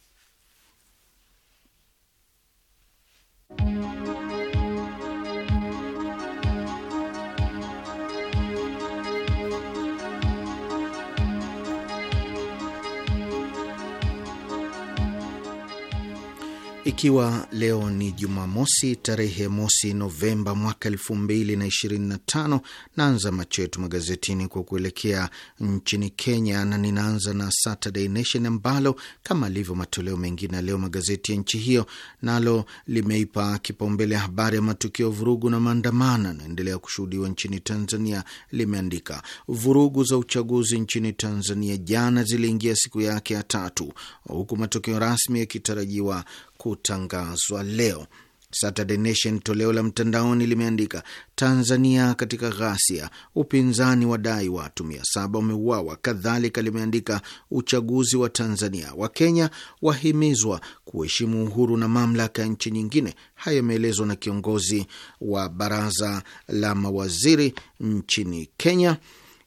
Ikiwa leo ni Jumamosi tarehe mosi Novemba mwaka elfu mbili na ishirini na tano, naanza macho yetu magazetini kwa kuelekea nchini Kenya, na ninaanza na Saturday Nation ambalo kama alivyo matoleo mengine ya leo magazeti ya nchi hiyo, nalo limeipa kipaumbele habari ya matukio ya vurugu na maandamano yanaendelea kushuhudiwa nchini Tanzania. Limeandika vurugu za uchaguzi nchini Tanzania jana ziliingia siku yake ya tatu, huku matokeo rasmi yakitarajiwa kutangazwa leo. Saturday Nation toleo la mtandaoni limeandika Tanzania katika ghasia, upinzani wadai watu mia saba wameuawa. Kadhalika limeandika uchaguzi wa Tanzania, Wakenya wahimizwa kuheshimu uhuru na mamlaka ya nchi nyingine. Haya yameelezwa na kiongozi wa baraza la mawaziri nchini Kenya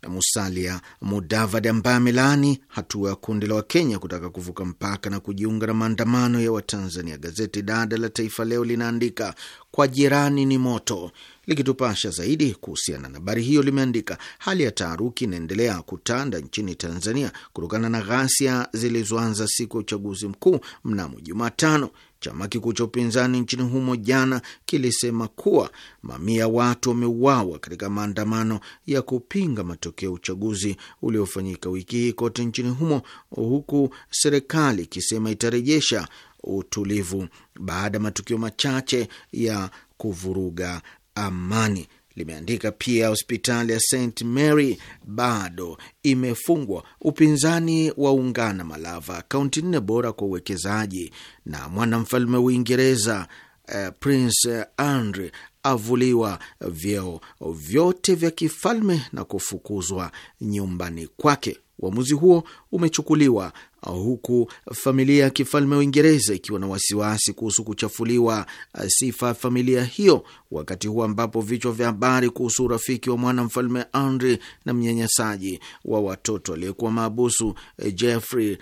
Musalia Mudavadi ambaye amelaani hatua ya kundi la Wakenya kutaka kuvuka mpaka na kujiunga na maandamano ya Watanzania. Gazeti dada la Taifa Leo linaandika kwa jirani ni moto, likitupasha zaidi kuhusiana na habari hiyo limeandika hali ya taharuki inaendelea kutanda nchini Tanzania kutokana na ghasia zilizoanza siku ya uchaguzi mkuu mnamo Jumatano chama kikuu cha upinzani nchini humo jana kilisema kuwa mamia watu wameuawa katika maandamano ya kupinga matokeo ya uchaguzi uliofanyika wiki hii kote nchini humo, huku serikali ikisema itarejesha utulivu baada ya matukio machache ya kuvuruga amani limeandika pia hospitali ya St Mary bado imefungwa, upinzani wa ungana Malava, kaunti nne bora kwa uwekezaji, na mwanamfalme wa Uingereza uh, Prince Andrew avuliwa vyeo vyote vya kifalme na kufukuzwa nyumbani kwake. Uamuzi huo umechukuliwa huku familia ya kifalme ya Uingereza ikiwa na wasiwasi kuhusu kuchafuliwa uh, sifa ya familia hiyo, wakati huu ambapo vichwa vya habari kuhusu urafiki wa mwanamfalme Andre na mnyanyasaji wa watoto aliyekuwa maabusu uh, Jeffrey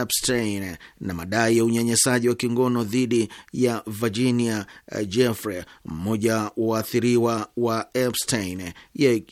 Epstein na madai ya unyanyasaji wa kingono dhidi ya Virginia uh, Jeffrey, mmoja wa waathiriwa wa Epstein,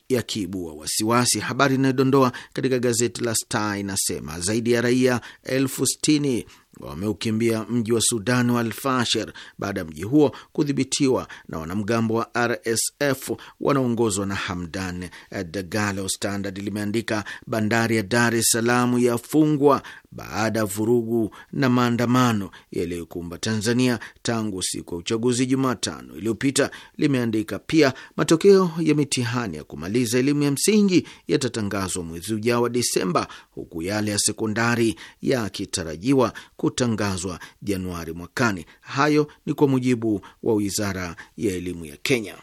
yakiibua ya wasiwasi. Habari inayodondoa katika gazeti la Star inasema zaidi ya raia elfu sitini wameukimbia mji wa Sudan wa Alfashir baada ya mji huo kudhibitiwa na wanamgambo wa RSF wanaoongozwa na Hamdan Dagalo. Standard limeandika bandari ya Dar es Salaam yafungwa baada ya vurugu na maandamano yaliyokumba Tanzania tangu siku ya uchaguzi Jumatano iliyopita. Limeandika pia matokeo ya mitihani ya kumaliza elimu ya msingi yatatangazwa mwezi ujao wa Disemba, huku yale ya sekondari yakitarajiwa kutangazwa Januari mwakani. Hayo ni kwa mujibu wa wizara ya elimu ya Kenya.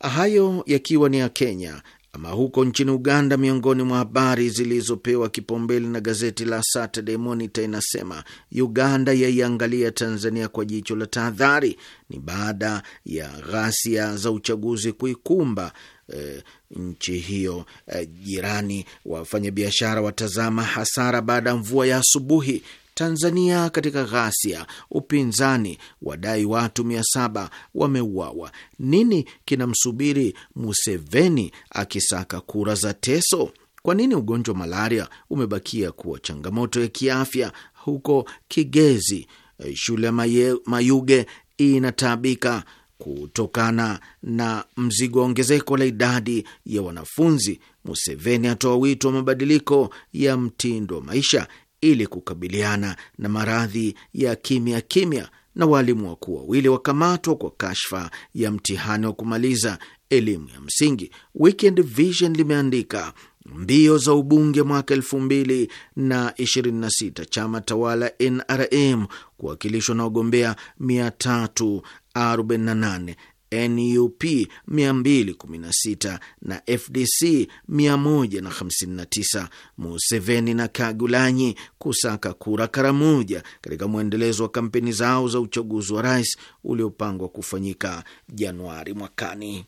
Hayo yakiwa ni ya Kenya. Ama huko nchini Uganda, miongoni mwa habari zilizopewa kipaumbele na gazeti la Saturday Monitor inasema Uganda yaiangalia Tanzania kwa jicho la tahadhari. Ni baada ya ghasia za uchaguzi kuikumba e, nchi hiyo e, jirani. Wafanyabiashara watazama hasara baada ya mvua ya asubuhi. Tanzania katika ghasia, upinzani wadai watu mia saba wameuawa. Nini kinamsubiri Museveni akisaka kura za Teso? Kwa nini ugonjwa wa malaria umebakia kuwa changamoto ya kiafya huko Kigezi? Shule ya Mayuge inataabika kutokana na mzigo wa ongezeko la idadi ya wanafunzi. Museveni atoa wito wa mabadiliko ya mtindo wa maisha ili kukabiliana na maradhi ya kimya kimya, na waalimu wakuu wawili wakamatwa kwa kashfa ya mtihani wa kumaliza elimu ya msingi. Weekend Vision limeandika mbio za ubunge mwaka elfu mbili na ishirini na sita chama tawala NRM kuwakilishwa na wagombea 348 NUP 216 na FDC 159. Museveni na Kagulanyi kusaka kura Karamoja katika mwendelezo wa kampeni zao za uchaguzi wa rais uliopangwa kufanyika Januari mwakani.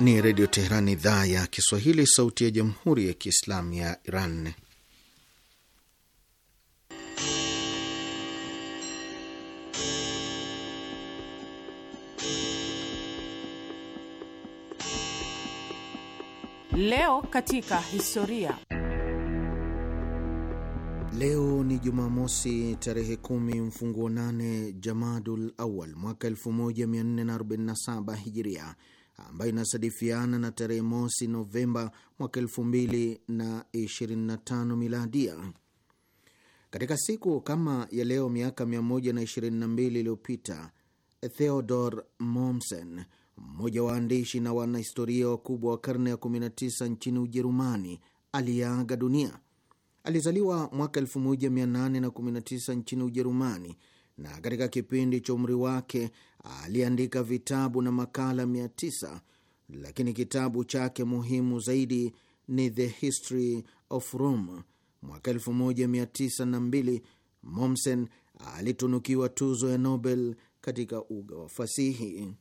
ni Redio Teheran, idhaa ya Kiswahili, sauti ya Jamhuri ya Kiislamu ya Iran. Leo katika historia. Leo ni Jumamosi tarehe kumi mfunguo nane Jamadul Awal mwaka 1447 Hijiria, ambayo inasadifiana na tarehe mosi Novemba mwaka 225 miladia. Katika siku kama ya leo miaka 122 iliyopita Theodor Mommsen, mmoja wa waandishi na wanahistoria wakubwa wa karne ya 19 nchini Ujerumani, aliyeaga dunia. Alizaliwa mwaka 1819 nchini Ujerumani na katika kipindi cha umri wake aliandika vitabu na makala 900 lakini kitabu chake muhimu zaidi ni The History of Rome. Mwaka 1902 Mommsen alitunukiwa tuzo ya Nobel katika uga wa fasihi.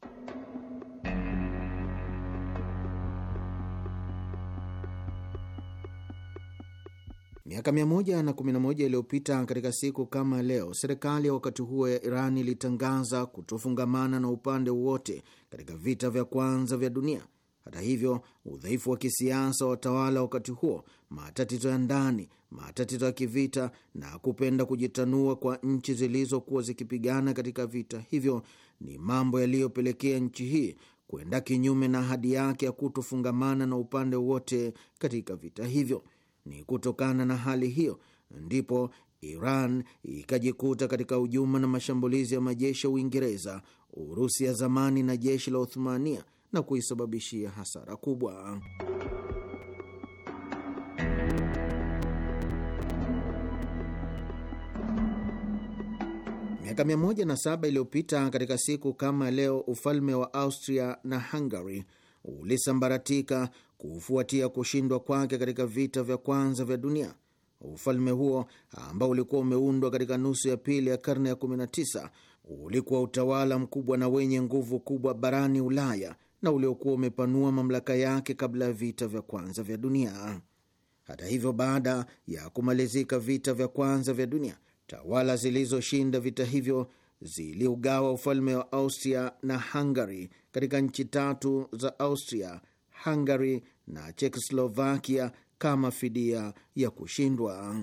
Miaka 111 iliyopita katika siku kama leo, serikali ya wakati huo ya Iran ilitangaza kutofungamana na upande wowote katika vita vya kwanza vya dunia. Hata hivyo, udhaifu wa kisiasa wa watawala wakati huo, matatizo ya ndani, matatizo ya kivita na kupenda kujitanua kwa nchi zilizokuwa zikipigana katika vita hivyo ni mambo yaliyopelekea nchi hii kwenda kinyume na ahadi yake ya kutofungamana na upande wowote katika vita hivyo. Ni kutokana na hali hiyo ndipo Iran ikajikuta katika hujuma na mashambulizi ya majeshi ya Uingereza, Urusi ya zamani na jeshi la Uthmania na kuisababishia hasara kubwa. Miaka 107 iliyopita katika siku kama leo, ufalme wa Austria na Hungary ulisambaratika kufuatia kushindwa kwake katika vita vya kwanza vya dunia. Ufalme huo ambao ulikuwa umeundwa katika nusu ya pili ya karne ya 19 ulikuwa utawala mkubwa na wenye nguvu kubwa barani Ulaya na uliokuwa umepanua mamlaka yake kabla ya vita vya kwanza vya dunia. Hata hivyo, baada ya kumalizika vita vya kwanza vya dunia, tawala zilizoshinda vita hivyo ziliugawa ufalme wa Austria na Hungary katika nchi tatu za Austria, Hungary na Chekoslovakia kama fidia ya kushindwa.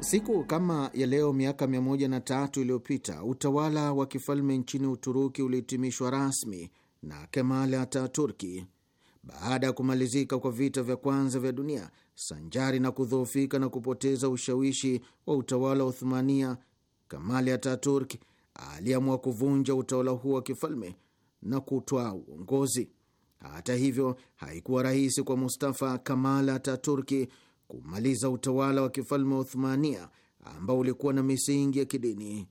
Siku kama ya leo miaka 103 iliyopita utawala wa kifalme nchini Uturuki ulihitimishwa rasmi na Kemal Ataturki. Baada ya kumalizika kwa vita vya kwanza vya dunia, sanjari na kudhoofika na kupoteza ushawishi wa utawala wa Uthmania, Kamali Ataturk aliamua kuvunja utawala huo wa kifalme na kutwaa uongozi. Hata hivyo, haikuwa rahisi kwa Mustafa Kamal Ataturki kumaliza utawala wa kifalme wa Uthumania ambao ulikuwa na misingi ya kidini.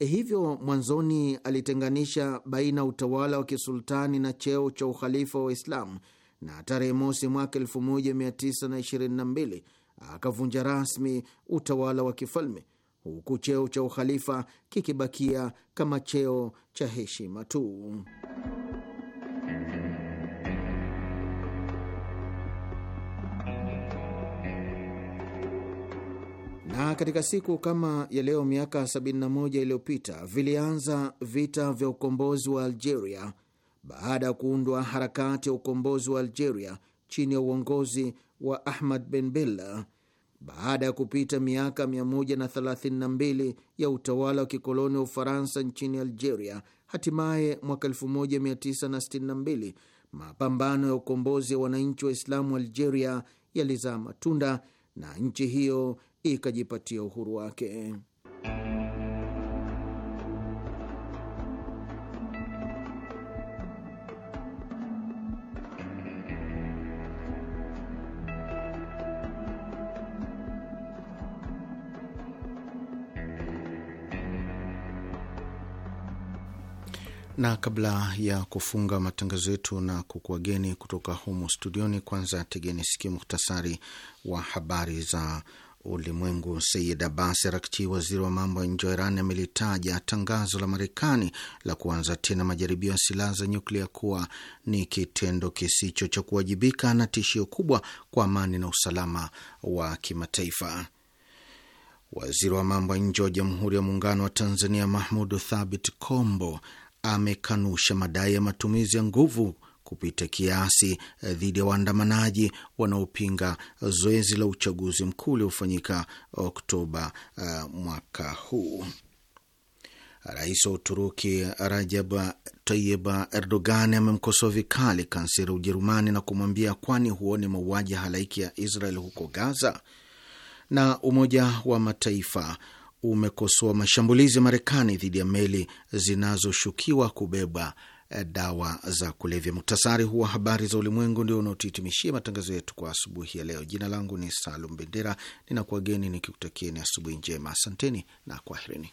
E hivyo mwanzoni alitenganisha baina utawala wa kisultani na cheo cha ukhalifa wa Waislamu, na tarehe mosi mwaka 1922 akavunja rasmi utawala wa kifalme, huku cheo cha ukhalifa kikibakia kama cheo cha heshima tu. Na katika siku kama ya leo miaka 71 iliyopita vilianza vita vya ukombozi wa Algeria baada ya kuundwa harakati ya ukombozi wa Algeria chini ya uongozi wa Ahmad Ben Bella baada ya kupita miaka 132 ya utawala wa kikoloni wa Ufaransa nchini Algeria, hatimaye mwaka 1962 mapambano ya ukombozi ya wananchi wa Islamu Algeria yalizaa matunda na nchi hiyo ikajipatia uhuru wake. na kabla ya kufunga matangazo yetu na kukuageni kutoka humo studioni, kwanza tegeni sikio muhtasari wa habari za Ulimwengu. Sayid Abbas Arakchi, waziri wa mambo ya nje wa Iran, amelitaja tangazo la Marekani la kuanza tena majaribio ya silaha za nyuklia kuwa ni kitendo kisicho cha kuwajibika na tishio kubwa kwa amani na usalama wa kimataifa. Waziri wa mambo ya nje wa Jamhuri ya Muungano wa Tanzania, Mahmud Thabit Kombo, amekanusha madai ya matumizi ya nguvu kupita kiasi eh, dhidi ya waandamanaji wanaopinga zoezi la uchaguzi mkuu uliofanyika Oktoba uh, mwaka huu. Rais wa Uturuki Rajab Tayyip Erdogan amemkosoa vikali kansela Ujerumani na kumwambia, kwani huoni mauaji halaiki ya Israel huko Gaza? Na Umoja wa Mataifa umekosoa mashambulizi ya Marekani dhidi ya meli zinazoshukiwa kubeba dawa za kulevya. Muktasari huwa habari za ulimwengu ndio unaotuhitimishia matangazo yetu kwa asubuhi ya leo. Jina langu ni Salum Bendera, ninakuwageni nikikutakieni asubuhi njema. Asanteni na kwaherini.